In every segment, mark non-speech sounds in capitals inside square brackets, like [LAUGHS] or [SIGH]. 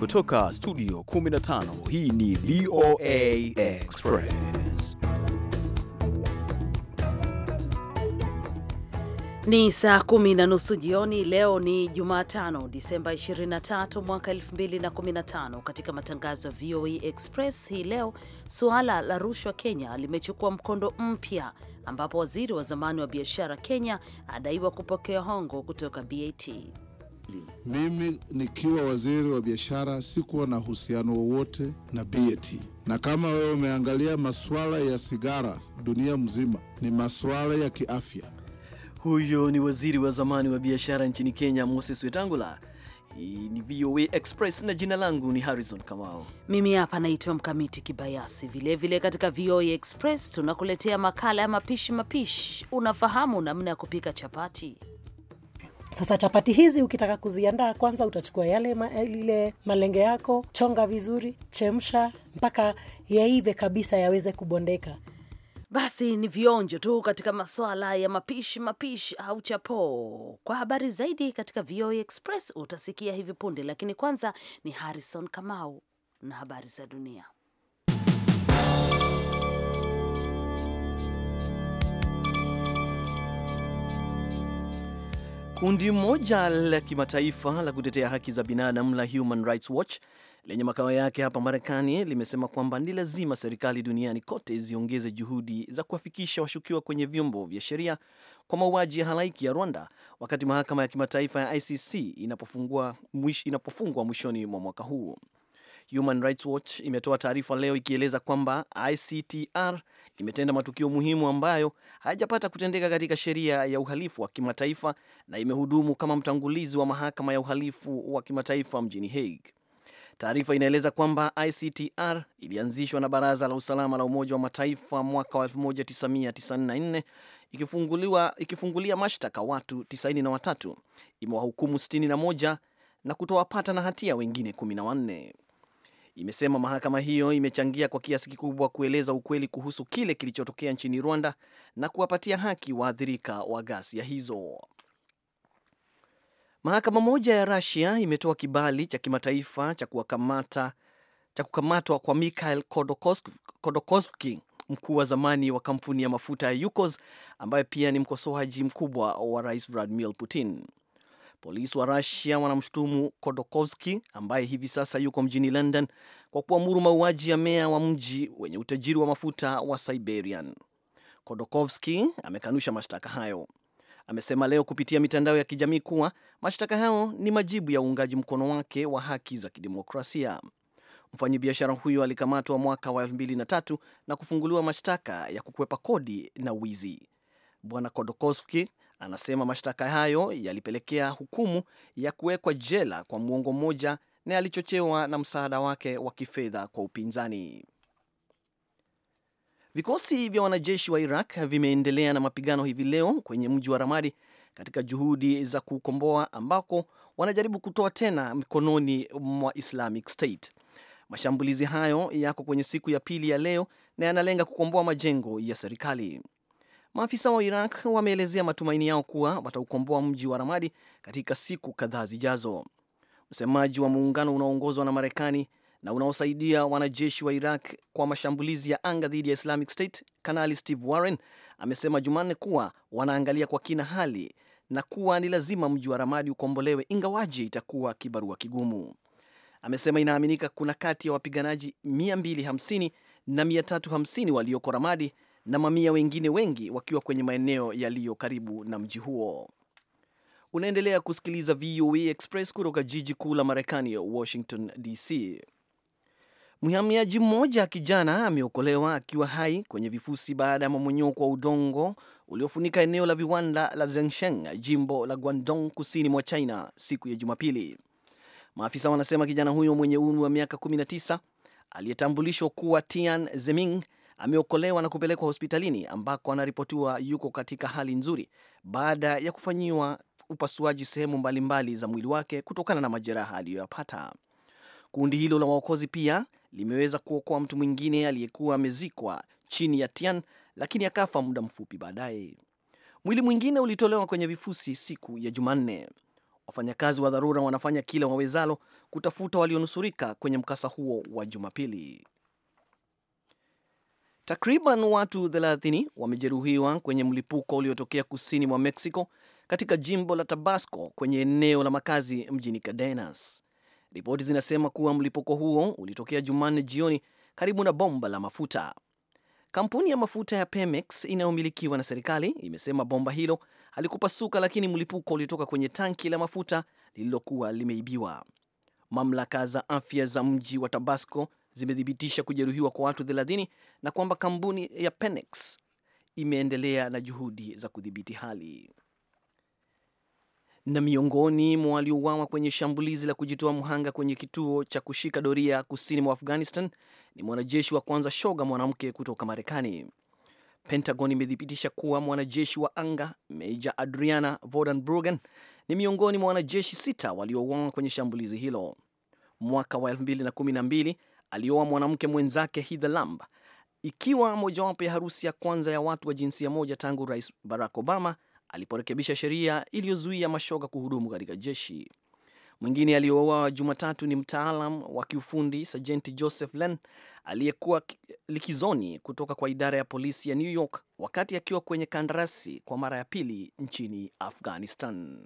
Kutoka studio 15 hii ni VOA Express. Ni saa kumi na nusu jioni. Leo ni Jumatano, Disemba 23 mwaka 2015. Katika matangazo ya VOA Express hii leo, suala la rushwa Kenya limechukua mkondo mpya ambapo waziri wa zamani wa biashara Kenya adaiwa kupokea hongo kutoka BAT. Mimi nikiwa waziri wa biashara sikuwa na uhusiano wowote na BAT, na kama wewe umeangalia masuala ya sigara dunia mzima ni masuala ya kiafya. Huyo ni waziri wa zamani wa biashara nchini Kenya, Moses Wetangula. Hii ni VOA Express na jina langu ni Harrison Kamau. Mimi hapa naitwa Mkamiti Kibayasi. Vilevile vile katika VOA Express tunakuletea makala ya mapishi mapishi. Unafahamu namna ya kupika chapati? Sasa chapati hizi ukitaka kuziandaa, kwanza utachukua yale ma, lile malenge yako, chonga vizuri, chemsha mpaka yaive kabisa, yaweze kubondeka. Basi ni vionjo tu katika masuala ya mapishi mapishi au chapo. Kwa habari zaidi katika VOA Express utasikia hivi punde, lakini kwanza ni Harrison Kamau na habari za dunia. Kundi moja la kimataifa la kutetea haki za binadamu la Human Rights Watch lenye makao yake hapa Marekani limesema kwamba ni lazima serikali duniani kote ziongeze juhudi za kuwafikisha washukiwa kwenye vyombo vya sheria kwa mauaji ya halaiki ya Rwanda wakati mahakama ya kimataifa ya ICC inapofungwa mwishoni mwa mwaka huu. Human Rights Watch imetoa taarifa leo ikieleza kwamba ICTR imetenda matukio muhimu ambayo hayajapata kutendeka katika sheria ya uhalifu wa kimataifa na imehudumu kama mtangulizi wa mahakama ya uhalifu wa kimataifa mjini Hague. Taarifa inaeleza kwamba ICTR ilianzishwa na Baraza la Usalama la Umoja wa Mataifa mwaka wa 1994 ikifunguliwa ikifungulia mashtaka watu 93, imewahukumu 61 na kutowapata na hatia wengine 14 imesema mahakama hiyo imechangia kwa kiasi kikubwa kueleza ukweli kuhusu kile kilichotokea nchini Rwanda na kuwapatia haki waathirika wa ghasia hizo. Mahakama moja ya rasia imetoa kibali cha kimataifa cha kuwakamata cha kukamatwa kwa Mikhail Khodorkovsky, mkuu wa zamani wa kampuni ya mafuta ya Yukos ambaye pia ni mkosoaji mkubwa wa Rais Vladimir Putin. Polisi wa Rusia wanamshutumu Kodokovski ambaye hivi sasa yuko mjini London kwa kuamuru mauaji ya meya wa mji wenye utajiri wa mafuta wa Siberian. Kodokovski amekanusha mashtaka hayo. Amesema leo kupitia mitandao ya kijamii kuwa mashtaka hayo ni majibu ya uungaji mkono wake wa haki za kidemokrasia. Mfanyabiashara huyo alikamatwa mwaka wa 2003 na kufunguliwa mashtaka ya kukwepa kodi na wizi. Bwana Kodorkovsky Anasema mashtaka hayo yalipelekea hukumu ya kuwekwa jela kwa mwongo mmoja na yalichochewa na msaada wake wa kifedha kwa upinzani. Vikosi vya wanajeshi wa Iraq vimeendelea na mapigano hivi leo kwenye mji wa Ramadi katika juhudi za kuukomboa ambako wanajaribu kutoa tena mikononi mwa Islamic State. Mashambulizi hayo yako kwenye siku ya pili ya leo na yanalenga kukomboa majengo ya serikali. Maafisa wa Iraq wameelezea matumaini yao kuwa wataukomboa mji wa Ramadi katika siku kadhaa zijazo. Msemaji wa muungano unaoongozwa na Marekani na unaosaidia wanajeshi wa Iraq kwa mashambulizi ya anga dhidi ya Islamic State, Kanali Steve Warren amesema Jumanne kuwa wanaangalia kwa kina hali na kuwa ni lazima mji wa Ramadi ukombolewe, ingawaje itakuwa kibarua kigumu. Amesema inaaminika kuna kati ya wapiganaji 250 na 350 walioko Ramadi na mamia wengine wengi wakiwa kwenye maeneo yaliyo karibu na mji huo. Unaendelea kusikiliza VOA Express kutoka jiji kuu la Marekani, Washington DC. Mhamiaji mmoja kijana ameokolewa akiwa hai kwenye vifusi baada ya mamonyoko wa udongo uliofunika eneo la viwanda la Zhengsheng, jimbo la Guangdong, kusini mwa China siku ya Jumapili. Maafisa wanasema kijana huyo mwenye umri wa miaka 19 aliyetambulishwa kuwa Tian Zeming ameokolewa na kupelekwa hospitalini ambako anaripotiwa yuko katika hali nzuri baada ya kufanyiwa upasuaji sehemu mbalimbali za mwili wake kutokana na majeraha aliyoyapata. Kundi hilo la waokozi pia limeweza kuokoa mtu mwingine aliyekuwa amezikwa chini ya Tian, lakini akafa muda mfupi baadaye. Mwili mwingine ulitolewa kwenye vifusi siku ya Jumanne. Wafanyakazi wa dharura wanafanya kila wawezalo kutafuta walionusurika kwenye mkasa huo wa Jumapili. Takriban watu 30 wamejeruhiwa kwenye mlipuko uliotokea kusini mwa Mexico katika jimbo la Tabasco kwenye eneo la makazi mjini Cadenas. Ripoti zinasema kuwa mlipuko huo ulitokea Jumanne jioni karibu na bomba la mafuta. Kampuni ya mafuta ya Pemex inayomilikiwa na serikali imesema bomba hilo halikupasuka, lakini mlipuko ulitoka kwenye tanki la mafuta lililokuwa limeibiwa. Mamlaka za afya za mji wa Tabasco zimethibitisha kujeruhiwa kwa watu 30 na kwamba kampuni ya Penex imeendelea na juhudi za kudhibiti hali. Na miongoni mwa waliouawa kwenye shambulizi la kujitoa mhanga kwenye kituo cha kushika doria kusini mwa Afghanistan ni mwanajeshi wa kwanza shoga mwanamke kutoka Marekani. Pentagon imethibitisha kuwa mwanajeshi wa anga Meja Adriana Vodenbruggen ni miongoni mwa wanajeshi sita waliouawa kwenye shambulizi hilo. Mwaka wa 2012 alioa mwanamke mwenzake Heather Lamb, ikiwa mojawapo ya harusi ya kwanza ya watu wa jinsia moja tangu Rais Barack Obama aliporekebisha sheria iliyozuia mashoga kuhudumu katika jeshi. Mwingine aliyouawa Jumatatu ni mtaalam wa kiufundi Sajenti Joseph Len aliyekuwa likizoni kutoka kwa idara ya polisi ya New York wakati akiwa kwenye kandarasi kwa mara ya pili nchini Afghanistan.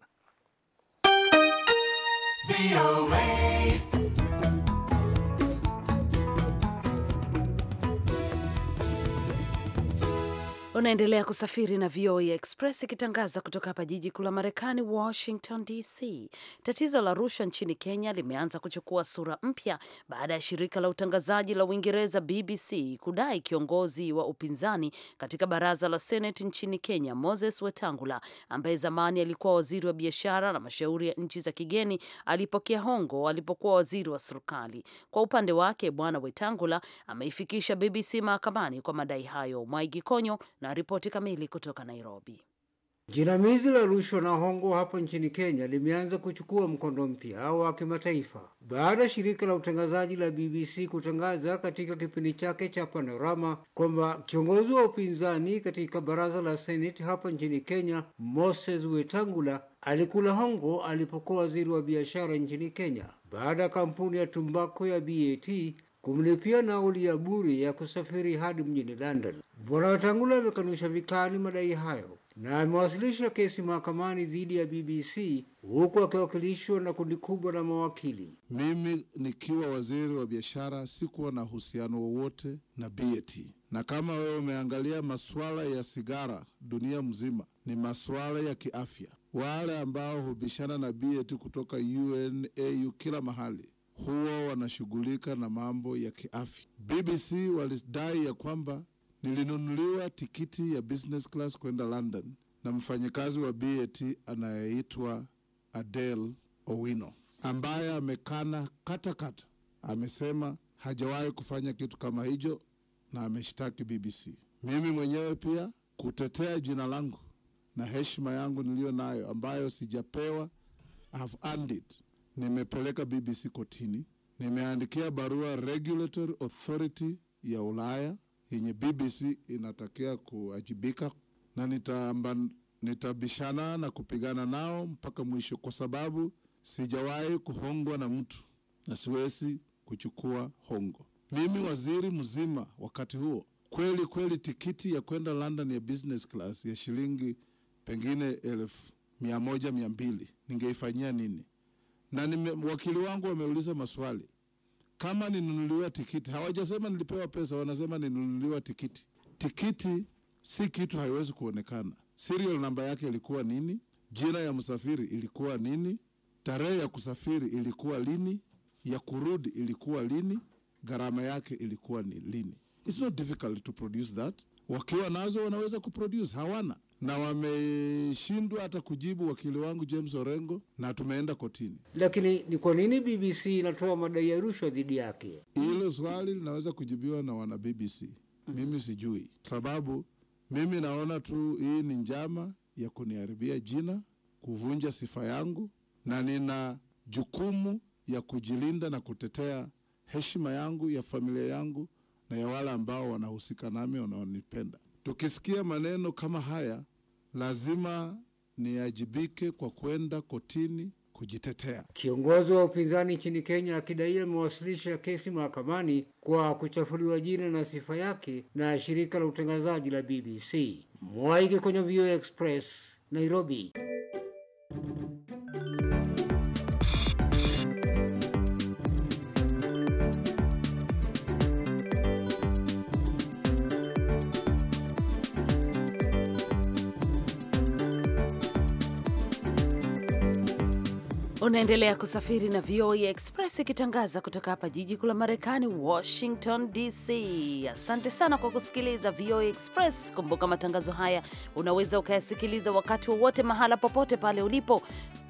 Unaendelea kusafiri na VOA Express ikitangaza kutoka hapa jiji kuu la Marekani, Washington DC. Tatizo la rushwa nchini Kenya limeanza kuchukua sura mpya baada ya shirika la utangazaji la Uingereza BBC kudai kiongozi wa upinzani katika baraza la Seneti nchini Kenya, Moses Wetangula, ambaye zamani alikuwa waziri wa biashara na mashauri ya nchi za kigeni, alipokea hongo alipokuwa waziri wa serikali. Kwa upande wake, Bwana Wetangula ameifikisha BBC mahakamani kwa madai hayo. Mwaigi Konyo na ripoti kamili kutoka Nairobi. Jinamizi la rushwa na hongo hapo nchini Kenya limeanza kuchukua mkondo mpya wa kimataifa baada ya shirika la utangazaji la BBC kutangaza katika kipindi chake cha Panorama kwamba kiongozi wa upinzani katika baraza la Seneti hapa nchini Kenya, Moses Wetangula, alikula hongo alipokuwa waziri wa biashara nchini Kenya baada ya kampuni ya tumbako ya BAT kumlipia nauli ya bure ya kusafiri hadi mjini London. Bwana Watangula amekanusha vikali madai hayo na amewasilisha kesi mahakamani dhidi ya BBC huku akiwakilishwa na kundi kubwa la mawakili. Mimi nikiwa waziri wa biashara sikuwa na uhusiano wowote na BET, na kama wewe umeangalia masuala ya sigara dunia mzima ni masuala ya kiafya. Wale ambao hubishana na BET kutoka unau kila mahali huwa wanashughulika na mambo ya kiafya. BBC walidai ya kwamba nilinunuliwa tikiti ya business class kwenda London na mfanyakazi wa BAT anayeitwa Adele Owino ambaye amekana katakata, amesema hajawahi kufanya kitu kama hicho na ameshtaki BBC. Mimi mwenyewe pia kutetea jina langu na heshima yangu niliyo nayo ambayo sijapewa, I have earned it nimepeleka BBC kotini, nimeandikia barua Regulatory Authority ya Ulaya yenye BBC inatakia kuajibika, na nitamba, nitabishana na kupigana nao mpaka mwisho, kwa sababu sijawahi kuhongwa na mtu na siwezi kuchukua hongo. Mimi waziri mzima wakati huo kweli kweli, tikiti ya kwenda London ya business class ya shilingi pengine elfu mia moja mia mbili ningeifanyia nini? na nime, wakili wangu wameuliza maswali kama ninunuliwa tikiti. Hawajasema nilipewa pesa, wanasema ninunuliwa tikiti. Tikiti si kitu, haiwezi kuonekana. Serial namba yake ilikuwa nini? Jina ya msafiri ilikuwa nini? Tarehe ya kusafiri ilikuwa lini? Ya kurudi ilikuwa lini? Gharama yake ilikuwa ni lini? It's not difficult to produce that. Wakiwa nazo wanaweza kuproduce, hawana na wameshindwa hata kujibu wakili wangu James Orengo, na tumeenda kotini. Lakini ni kwa nini BBC inatoa madai ya rushwa dhidi yake? Hilo swali linaweza kujibiwa na wana BBC. Mm-hmm. Mimi sijui sababu, mimi naona tu hii ni njama ya kuniharibia jina, kuvunja sifa yangu, na nina jukumu ya kujilinda na kutetea heshima yangu ya familia yangu na ya wale ambao wanahusika nami wanaonipenda. Tukisikia maneno kama haya lazima niajibike kwa kwenda kotini kujitetea. Kiongozi wa upinzani nchini Kenya akidai amewasilisha kesi mahakamani kwa kuchafuliwa jina na sifa yake na shirika la utangazaji la BBC. Mwaike kwenye VOA Express, Nairobi. Unaendelea kusafiri na VOA e Express ikitangaza kutoka hapa jiji kuu la Marekani, Washington DC. Asante sana kwa kusikiliza VOA e Express. Kumbuka matangazo haya unaweza ukayasikiliza wakati wowote, mahala popote pale ulipo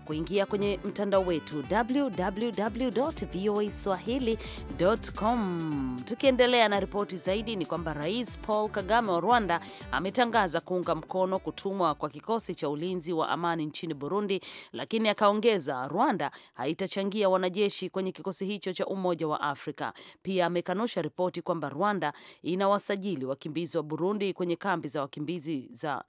kuingia kwenye mtandao wetu www voa swahili.com. Tukiendelea na ripoti zaidi, ni kwamba Rais Paul Kagame wa Rwanda ametangaza kuunga mkono kutumwa kwa kikosi cha ulinzi wa amani nchini Burundi, lakini akaongeza Rwanda haitachangia wanajeshi kwenye kikosi hicho cha Umoja wa Afrika. Pia amekanusha ripoti kwamba Rwanda inawasajili wakimbizi wa Burundi kwenye kambi za wakimbizi za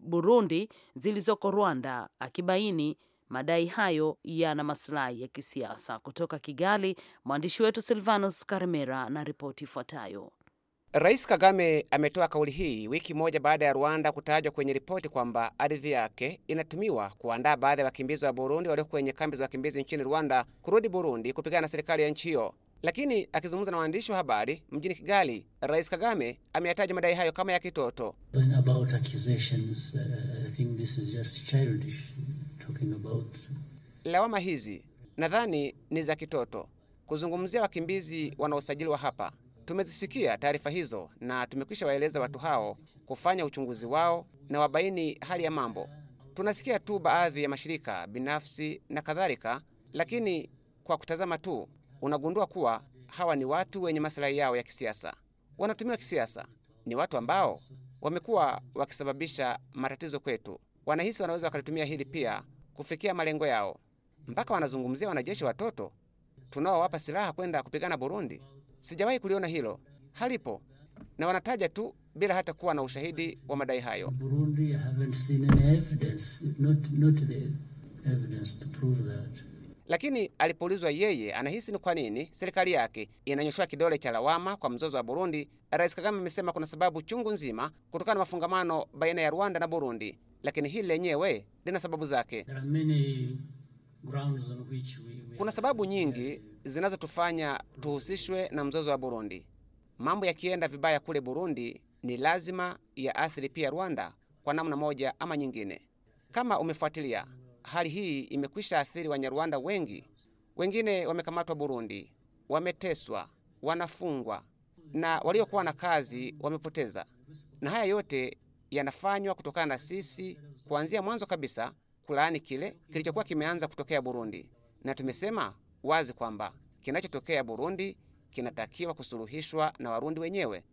Burundi zilizoko Rwanda, akibaini Madai hayo yana masilahi ya kisiasa. Kutoka Kigali, mwandishi wetu Silvanus Karmera na ripoti ifuatayo. Rais Kagame ametoa kauli hii wiki moja baada ya Rwanda kutajwa kwenye ripoti kwamba ardhi yake inatumiwa kuandaa baadhi ya wakimbizi wa Burundi walioko kwenye kambi za wakimbizi nchini Rwanda kurudi Burundi kupigana na serikali ya nchi hiyo. Lakini akizungumza na waandishi wa habari mjini Kigali, Rais Kagame ameyataja madai hayo kama ya kitoto. Lawama hizi nadhani ni za kitoto kuzungumzia wakimbizi wanaosajiliwa hapa. Tumezisikia taarifa hizo na tumekwisha waeleza watu hao kufanya uchunguzi wao na wabaini hali ya mambo. Tunasikia tu baadhi ya mashirika binafsi na kadhalika, lakini kwa kutazama tu unagundua kuwa hawa ni watu wenye masilahi yao ya kisiasa, wanatumiwa kisiasa. Ni watu ambao wamekuwa wakisababisha matatizo kwetu, wanahisi wanaweza wakalitumia hili pia kufikia malengo yao. Mpaka wanazungumzia wanajeshi watoto tunaowapa silaha kwenda kupigana Burundi. Sijawahi kuliona hilo, halipo, na wanataja tu bila hata kuwa na ushahidi wa madai hayo. Lakini alipoulizwa yeye anahisi ni kwa nini serikali yake inanyoshewa kidole cha lawama kwa mzozo wa Burundi, Rais Kagame amesema kuna sababu chungu nzima kutokana na mafungamano baina ya Rwanda na Burundi lakini hili lenyewe lina sababu zake. Kuna sababu nyingi zinazotufanya tuhusishwe na mzozo wa Burundi. Mambo yakienda vibaya kule Burundi ni lazima yaathiri pia Rwanda kwa namna moja ama nyingine. Kama umefuatilia, hali hii imekwisha athiri Wanyarwanda wengi. Wengine wamekamatwa Burundi, wameteswa, wanafungwa na waliokuwa na kazi wamepoteza, na haya yote yanafanywa kutokana na sisi kuanzia mwanzo kabisa kulaani kile kilichokuwa kimeanza kutokea Burundi, na tumesema wazi kwamba kinachotokea Burundi kinatakiwa kusuluhishwa na Warundi wenyewe.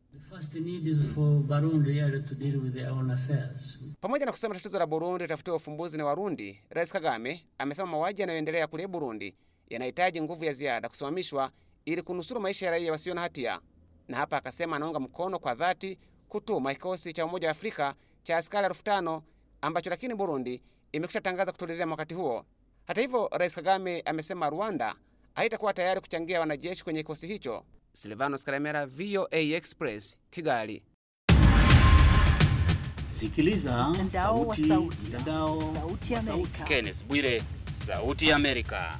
Pamoja na kusema tatizo la Burundi litafutiwa ufumbuzi na Warundi, Rais Kagame amesema mauaji yanayoendelea kule Burundi yanahitaji nguvu ya ziada kusimamishwa ili kunusuru maisha ya raia wasio na hatia, na hapa akasema anaunga mkono kwa dhati kutuma kikosi cha Umoja wa Afrika cha askari elfu tano ambacho lakini Burundi imekwisha tangaza kutulilia wakati huo. Hata hivyo, Rais Kagame amesema Rwanda haitakuwa tayari kuchangia wanajeshi kwenye kikosi hicho. Silvanos Karemera, VOA Express, Kigali. Sikiliza mtandao sauti, sauti, mtandao sauti Sauti Amerika. Kenneth Bwire, Sauti ya Amerika.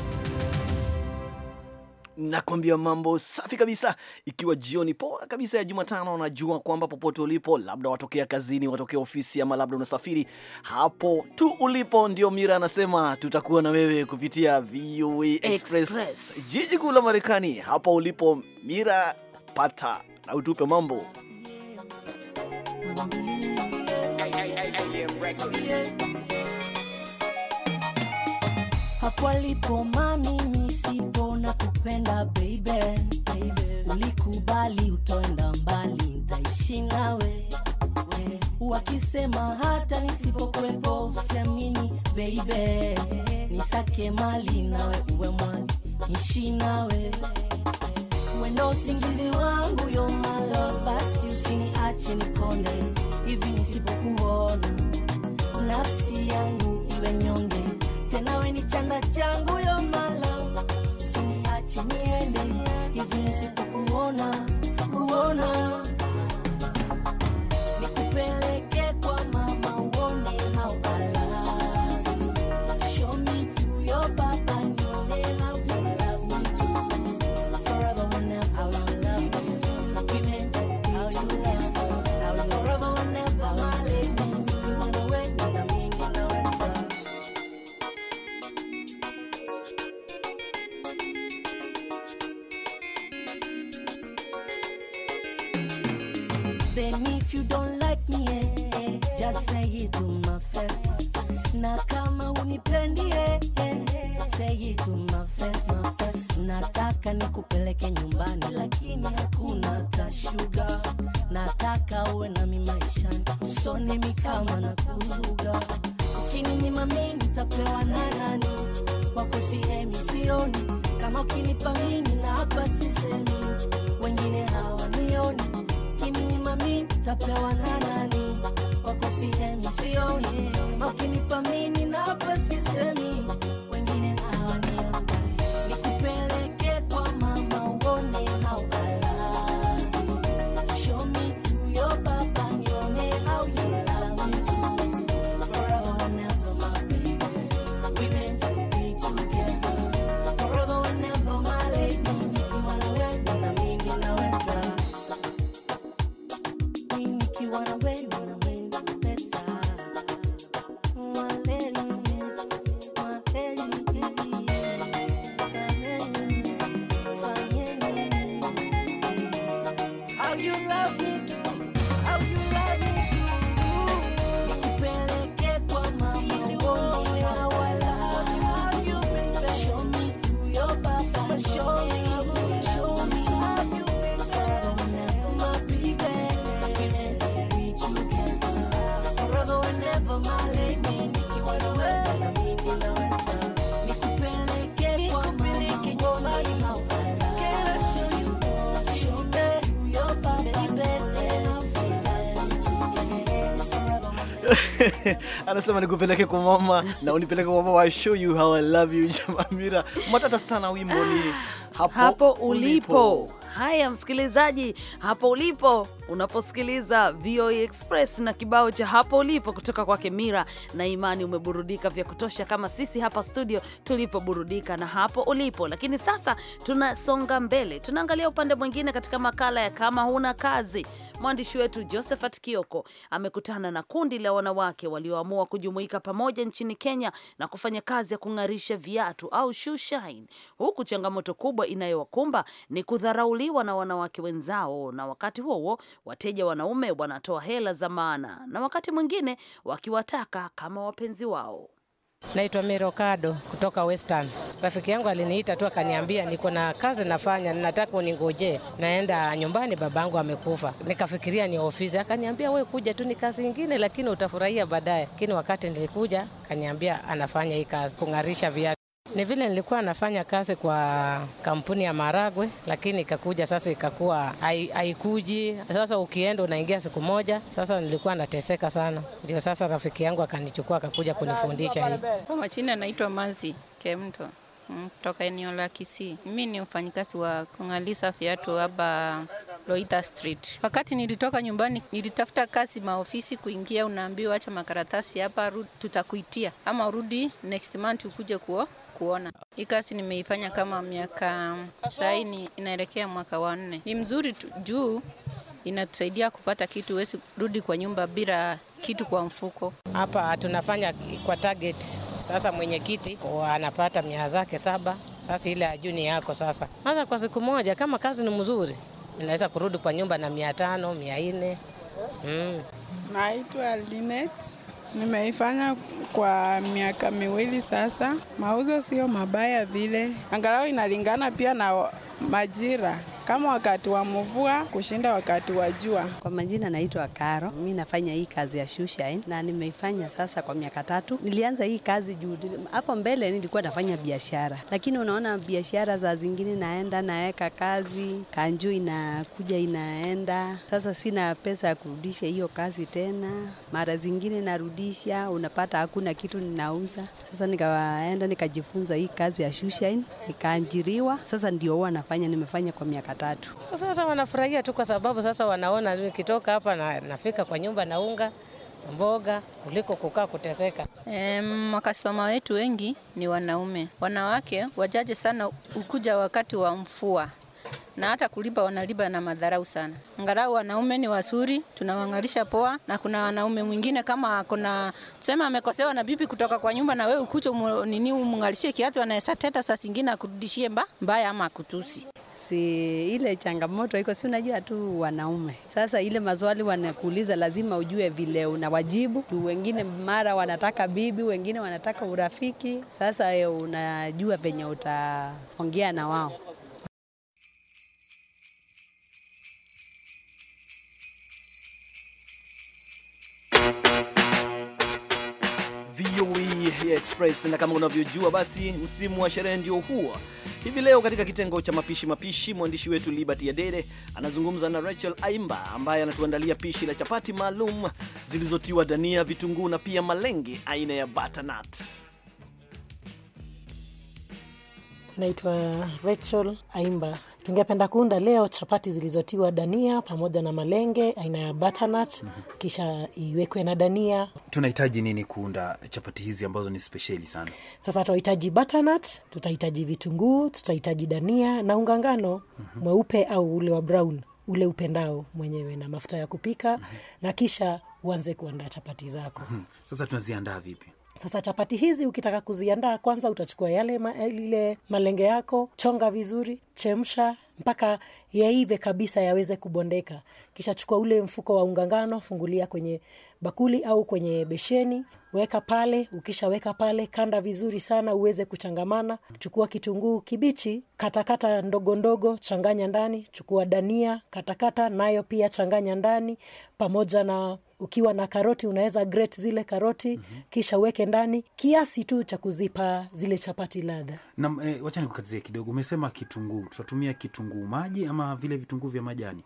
nakwambia mambo safi kabisa, ikiwa jioni poa kabisa ya Jumatano. Najua kwamba popote ulipo, labda watokea kazini, watokea ofisi, ama labda unasafiri, hapo tu ulipo ndio Mira anasema tutakuwa na wewe kupitia VOA Express, jiji kuu la Marekani. Hapo ulipo Mira, pata na utupe mambo hapo nakupenda baby, baby. Ulikubali utoenda mbali, ntaishi nawe wakisema hata nisipokwepo usiamini baby, nisake mali nawe uwe mwali, ishi nawe wendo usingizi wangu yomalo, basi achi nikonde hivi nisipokuona, nafsi yangu iwe nyonge tena, we ni chanda changu yomalo hivi nisipokuona kuona Sayidu Mafes, na kama unipendi eh, eh, eh. Sayidu Mafes, Mafes, nataka nikupeleke nyumbani, lakini hakuna tashuga, nataka uwe nami maishani, usoni mikama na kuzuga, ukininyima mimi nitapewa na nani? Wako sihemi, sioni kama ukinipa mimi na hapa sisemi, wengine hawanioni, ukininyima mimi nitapewa na nani? kwako sihemi, sioni makini pamini na hapa anasema nikupeleke kwa mama na unipeleke kwa mama, I show you how I love you. [LAUGHS] Jamamira matata sana, wimbo ni hapo, hapo ulipo, ulipo. Haya msikilizaji, hapo ulipo unaposikiliza VOA e Express na kibao cha hapo ulipo kutoka kwake Mira na Imani, umeburudika vya kutosha kama sisi hapa studio tulivyoburudika na hapo ulipo. Lakini sasa tunasonga mbele, tunaangalia upande mwingine katika makala ya kama huna kazi. Mwandishi wetu Josephat Kioko amekutana na kundi la wanawake walioamua kujumuika pamoja nchini Kenya na kufanya kazi ya kung'arisha viatu au shoe shine, huku changamoto kubwa inayowakumba ni kudharau kuchukuliwa na wanawake wenzao, na wakati huo huo wateja wanaume wanatoa hela za maana, na wakati mwingine wakiwataka kama wapenzi wao. Naitwa Merokado kutoka Western. Rafiki yangu aliniita tu akaniambia, niko na kazi nafanya, nataka uningoje, naenda nyumbani, babangu amekufa. Nikafikiria ni ofisi, akaniambia we kuja tu, ni kazi ingine, lakini utafurahia baadaye. Lakini wakati nilikuja, kaniambia anafanya hii kazi kung'arisha viatu. Ni vile nilikuwa nafanya kazi kwa kampuni ya Maragwe, lakini ikakuja sasa, ikakuwa haikuji. Sasa ukienda unaingia siku moja, sasa nilikuwa nateseka sana, ndio sasa rafiki yangu akanichukua akakuja kunifundisha hivi Kwa majina anaitwa Mazi Kemto mm, kutoka eneo la Kisii. Mimi ni mfanyikazi wa kungalisa viatu hapa Loita Street. Wakati nilitoka nyumbani, nilitafuta kazi maofisi kuingia, unaambiwa acha makaratasi hapa, tutakuitia ama urudi next month ukuje kuo kuona. Hii kazi nimeifanya kama miaka saini, inaelekea mwaka wa nne. Ni mzuri tu, juu inatusaidia kupata kitu, huwezi rudi kwa nyumba bila kitu kwa mfuko. Hapa tunafanya kwa target. Sasa mwenyekiti anapata mia zake saba. Sasa ile ya juu ni yako sasa. Hata kwa siku moja kama kazi ni mzuri, inaweza kurudi kwa nyumba na mia tano mia nne. Mm. Naitwa Linet Nimeifanya kwa miaka miwili sasa. Mauzo sio mabaya vile, angalau inalingana pia na majira kama wakati wa mvua kushinda wakati wa jua. Kwa majina naitwa Karo, mi nafanya hii kazi ya shoeshine eh, na nimeifanya sasa kwa miaka tatu. Nilianza hii kazi juu hapo mbele nilikuwa nafanya biashara, lakini unaona biashara za zingine naenda naweka kazi kanju inakuja inaenda, sasa sina pesa ya kurudisha hiyo kazi tena. Mara zingine narudisha, unapata hakuna kitu ninauza. Sasa nikaenda nikajifunza hii kazi ya shoeshine, eh, nikaanjiriwa. Sasa ndio huwa nafanya, nimefanya kwa miaka tatu. Sasa wanafurahia tu kwa sababu sasa wanaona nikitoka hapa na, nafika kwa nyumba na unga mboga kuliko kukaa kuteseka. E, makasoma wetu wengi ni wanaume. Wanawake wajaje sana ukuja wakati wa mfua na hata kuliba wanaliba na madharau sana. Angalau wanaume ni wazuri, tunawangalisha poa, na kuna wanaume mwingine kama kuna sema amekosewa na bibi kutoka kwa nyumba, na wewe ukucha nini umngalishie kiatu, anaweza teta saa zingine akurudishie mba mbaya ama akutusi basi ile changamoto iko, si unajua tu wanaume sasa, ile maswali wanakuuliza lazima ujue vile unawajibu. Wengine mara wanataka bibi, wengine wanataka urafiki. Sasa unajua venye utaongea na wao. Express, na kama unavyojua basi msimu wa sherehe ndio huo. Hivi leo katika kitengo cha mapishi mapishi, mwandishi wetu Liberty Adede anazungumza na Rachel Aimba ambaye anatuandalia pishi la chapati maalum zilizotiwa dania, vitunguu na pia malenge aina ya butternut. Naitwa Rachel Aimba Tungependa kuunda leo chapati zilizotiwa dania pamoja na malenge aina ya butternut, mm -hmm. kisha iwekwe na dania. Tunahitaji nini kuunda chapati hizi ambazo ni spesheli sana? Sasa tutahitaji butternut, tutahitaji vitunguu, tutahitaji dania na ungangano mm -hmm. mweupe au ule wa brown ule upendao mwenyewe na mafuta ya kupika mm -hmm. na kisha uanze kuandaa chapati zako. Mm -hmm. Sasa tunaziandaa vipi? Sasa chapati hizi ukitaka kuziandaa, kwanza utachukua yale ma, eh, lile malenge yako, chonga vizuri, chemsha mpaka yaive kabisa yaweze kubondeka. Kisha chukua ule mfuko wa ungangano fungulia kwenye bakuli au kwenye besheni, weka pale. Ukishaweka pale, kanda vizuri sana uweze kuchangamana. Chukua kitunguu kibichi, katakata ndogo ndogo, changanya ndani. Chukua dania, katakata nayo pia changanya ndani, pamoja na ukiwa na karoti unaweza grate zile karoti mm-hmm. kisha uweke ndani kiasi tu cha kuzipa zile chapati ladha na e, eh, wachani kukatizia kidogo umesema kitunguu tutatumia kitunguu maji ama vile vitunguu vya majani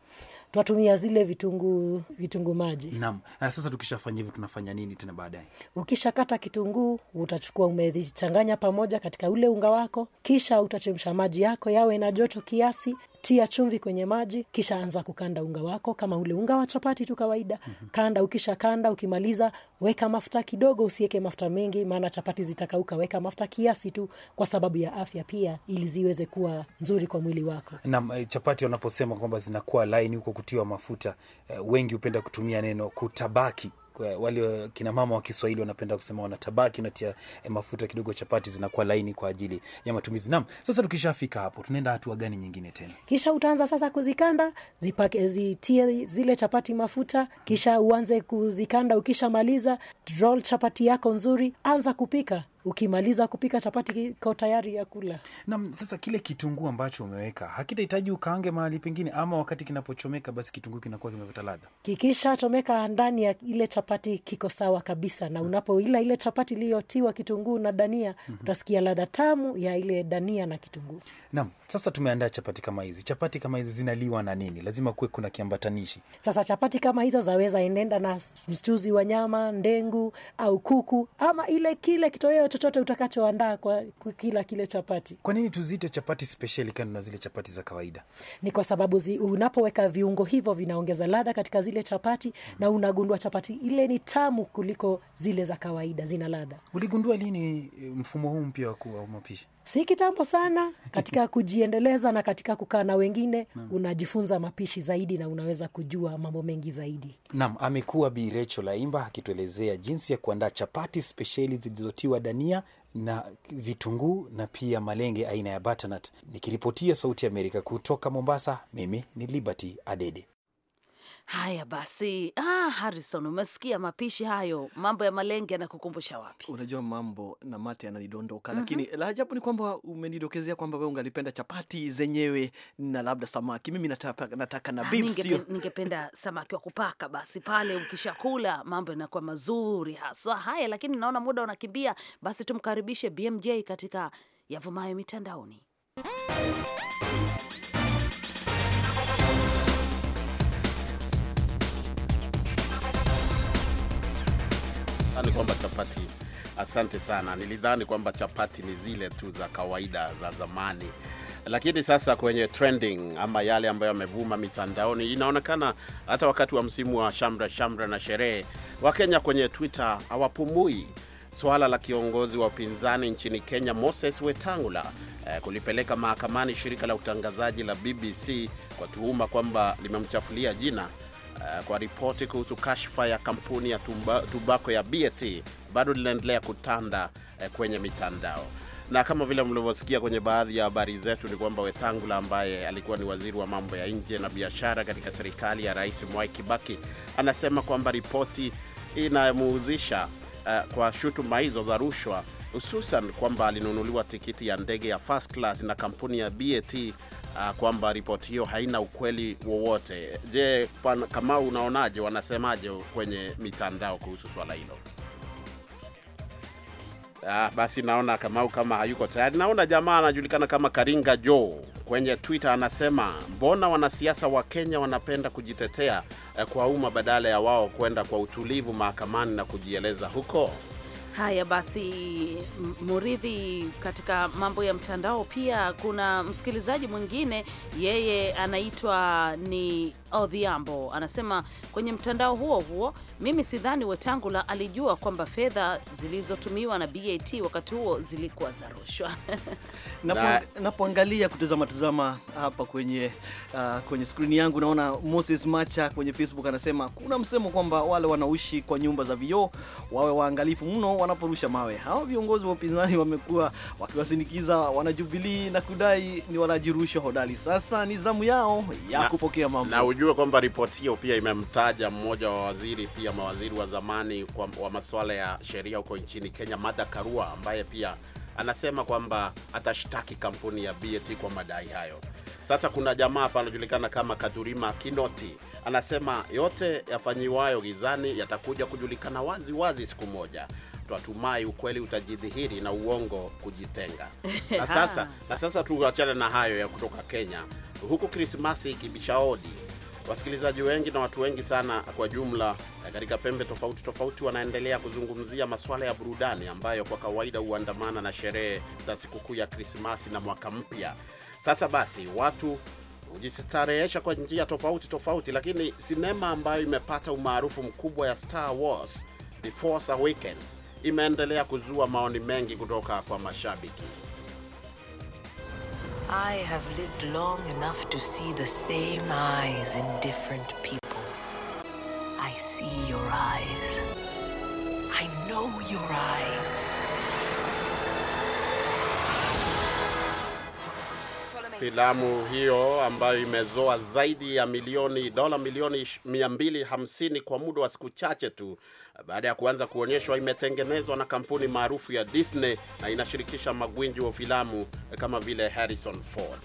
twatumia zile vitunguu vitungu maji naam ah, sasa tukishafanya hivyo tunafanya nini tena baadaye ukishakata kitunguu utachukua umezichanganya pamoja katika ule unga wako kisha utachemsha maji yako yawe na joto kiasi tia chumvi kwenye maji, kisha anza kukanda unga wako kama ule unga wa chapati tu kawaida. Mhm. Kanda, ukisha kanda, ukimaliza weka mafuta kidogo, usiweke mafuta mengi, maana chapati zitakauka. Weka mafuta kiasi tu, kwa sababu ya afya pia, ili ziweze kuwa nzuri kwa mwili wako. na eh, chapati wanaposema kwamba zinakuwa laini huko kutiwa mafuta, eh, wengi hupenda kutumia neno kutabaki wale kina mama wa Kiswahili wanapenda kusema wanatabaki, natia eh, mafuta kidogo, chapati zinakuwa laini kwa ajili ya matumizi. Naam, sasa tukishafika hapo, tunaenda hatua gani nyingine tena? Kisha utaanza sasa kuzikanda, zipake, zitie zile chapati mafuta, kisha uanze kuzikanda. Ukishamaliza roll chapati yako nzuri, anza kupika ukimaliza kupika chapati iko tayari ya kula nam sasa kile kitunguu ambacho umeweka hakitahitaji ukaange mahali pengine ama wakati kinapochomeka basi kitunguu kinakuwa kimepata ladha chomeka ndani ya ile chapati kiko sawa kabisa na unapoila ile chapati iliyotiwa kitunguu na dania mm-hmm. utasikia ladha tamu ya ile dania na kitunguu nam sasa tumeandaa chapati kama hizi chapati kama hizi zinaliwa na nini lazima kuwe kuna kiambatanishi sasa chapati kama hizo zaweza enenda na mchuzi wa nyama ndengu au kuku ama ile kile kitoweo chochote utakachoandaa kwa kila kile chapati. Kwa nini tuziite chapati speciali kando na zile chapati za kawaida? Ni kwa sababu zi, unapoweka viungo hivyo vinaongeza ladha katika zile chapati mm. na unagundua chapati ile ni tamu kuliko zile za kawaida, zina ladha. Uligundua lini eh, mfumo huu mpya wa mapishi? si kitambo sana katika [LAUGHS] kujiendeleza na katika kukaa na wengine unajifunza mapishi zaidi na unaweza kujua mambo mengi zaidi. nam amekuwa Bi Recho Laimba akituelezea jinsi ya kuandaa chapati spesheli zilizotiwa dania na vitunguu na pia malenge aina ya batnat Nikiripotia Sauti ya Amerika kutoka Mombasa, mimi ni Liberty Adede. Haya basi, ah, Harrison, umesikia mapishi hayo, mambo ya malenge yanakukumbusha wapi? Unajua mambo na mate yananidondoka, mm -hmm. Lakini la ajabu ni kwamba umenidokezea kwamba wewe ungalipenda chapati zenyewe na labda samaki. Mimi nataka, nataka na ah, beef stew. Ningependa samaki wa kupaka. Basi pale ukishakula mambo yanakuwa mazuri haswa. Haya, lakini naona muda unakimbia, basi tumkaribishe BMJ katika yavumayo mitandaoni Nadhani kwamba chapati, asante sana. Nilidhani kwamba chapati ni zile tu za kawaida za zamani, lakini sasa kwenye trending ama yale ambayo yamevuma mitandaoni, inaonekana hata wakati wa msimu wa shamra shamra na sherehe, Wakenya kwenye Twitter hawapumui swala la kiongozi wa upinzani nchini Kenya Moses Wetangula eh, kulipeleka mahakamani shirika la utangazaji la BBC kwa tuhuma kwamba limemchafulia jina Eh, kwa ripoti kuhusu kashfa ya kampuni ya tumbako ya BAT bado linaendelea kutanda eh, kwenye mitandao na kama vile mlivyosikia kwenye baadhi ya habari zetu ni kwamba Wetangula ambaye alikuwa ni waziri wa mambo ya nje na biashara katika serikali ya Rais Mwai Kibaki anasema kwamba ripoti inamuhuzisha uh, kwa shutuma hizo za rushwa, hususan kwamba alinunuliwa tikiti ya ndege ya first class na kampuni ya BAT uh, kwamba ripoti hiyo haina ukweli wowote. Je, kama unaonaje, wanasemaje kwenye mitandao kuhusu swala hilo? Ah, basi naona Kamau kama hayuko tayari. Naona jamaa anajulikana kama Karinga Joe kwenye Twitter anasema, mbona wanasiasa wa Kenya wanapenda kujitetea eh, kwa umma badala ya wao kwenda kwa utulivu mahakamani na kujieleza huko? Haya basi, Muridhi, katika mambo ya mtandao pia kuna msikilizaji mwingine, yeye anaitwa ni Odhiambo anasema kwenye mtandao huo huo, mimi sidhani Wetangula alijua kwamba fedha zilizotumiwa na BAT wakati huo zilikuwa za rushwa. [LAUGHS] Napoangalia kutazama tazama hapa kwenye, uh, kwenye skrini yangu naona Moses Macha kwenye Facebook anasema kuna msemo kwamba wale wanaoishi kwa nyumba za vioo wawe waangalifu mno wanaporusha mawe. Hao viongozi wa upinzani wamekuwa wakiwasindikiza wanajubilii na kudai ni walaji rushwa hodari. Sasa ni zamu yao ya kupokea mambo ujue kwamba ripoti hiyo pia imemtaja mmoja wa waziri pia mawaziri wa zamani kwa, wa masuala ya sheria huko nchini Kenya, Martha Karua ambaye pia anasema kwamba atashtaki kampuni ya BAT kwa madai hayo. Sasa kuna jamaa hapa anajulikana kama Kadhurima Kinoti, anasema yote yafanyiwayo gizani yatakuja kujulikana wazi wazi siku moja. Twatumai ukweli utajidhihiri na uongo kujitenga. [LAUGHS] Na sasa na sasa tuachane na hayo ya kutoka Kenya, huku Krismasi ikibisha Wasikilizaji wengi na watu wengi sana kwa jumla eh, katika pembe tofauti tofauti wanaendelea kuzungumzia masuala ya burudani ambayo kwa kawaida huandamana na sherehe za sikukuu ya Krismasi na mwaka mpya. Sasa basi, watu hujistarehesha kwa njia tofauti tofauti, lakini sinema ambayo imepata umaarufu mkubwa ya Star Wars The Force Awakens imeendelea kuzua maoni mengi kutoka kwa mashabiki. I have lived long enough to see the same eyes in different people. I see your eyes. I know your eyes. Filamu hiyo ambayo imezoa zaidi ya milioni dola milioni 250 kwa muda wa siku chache tu baada ya kuanza kuonyeshwa. Imetengenezwa na kampuni maarufu ya Disney na inashirikisha magwinji wa filamu kama vile Harrison Ford.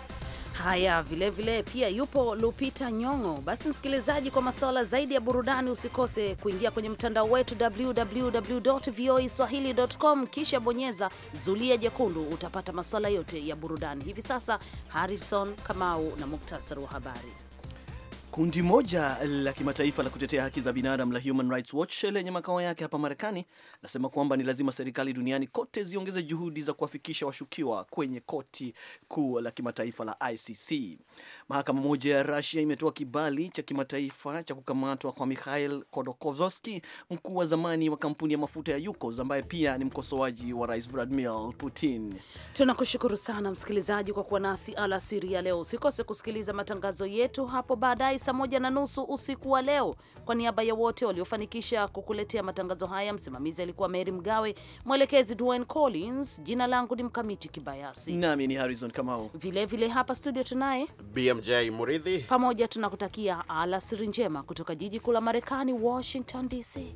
Haya, vilevile vile, pia yupo Lupita Nyong'o. Basi msikilizaji, kwa masuala zaidi ya burudani usikose kuingia kwenye mtandao wetu www.voaswahili.com, kisha bonyeza zulia jekundu, utapata masuala yote ya burudani. Hivi sasa Harrison Kamau na muktasari wa habari. Kundi moja la kimataifa la kutetea haki za binadamu la Human Rights Watch lenye makao yake hapa Marekani nasema kwamba ni lazima serikali duniani kote ziongeze juhudi za kuwafikisha washukiwa kwenye koti kuu la kimataifa la ICC. Mahakama moja ya Russia imetoa kibali cha kimataifa cha kukamatwa kwa Mikhail Khodorkovsky, mkuu wa zamani wa kampuni ya mafuta ya Yukos ambaye pia ni mkosoaji wa Rais Vladimir Putin. Tunakushukuru sana msikilizaji kwa kuwa nasi alasiri ya leo. Usikose kusikiliza matangazo yetu hapo baadaye saa moja na nusu usiku wa leo. Kwa niaba ya wote waliofanikisha kukuletea matangazo haya, msimamizi alikuwa Mary Mgawe, mwelekezi Dwayne Collins, jina langu ni Mkamiti Kibayasi nami ni Harrison Kamau. Vilevile hapa studio tunaye BMJ Muridhi. Pamoja tunakutakia alasiri njema kutoka jiji kuu la Marekani, Washington DC.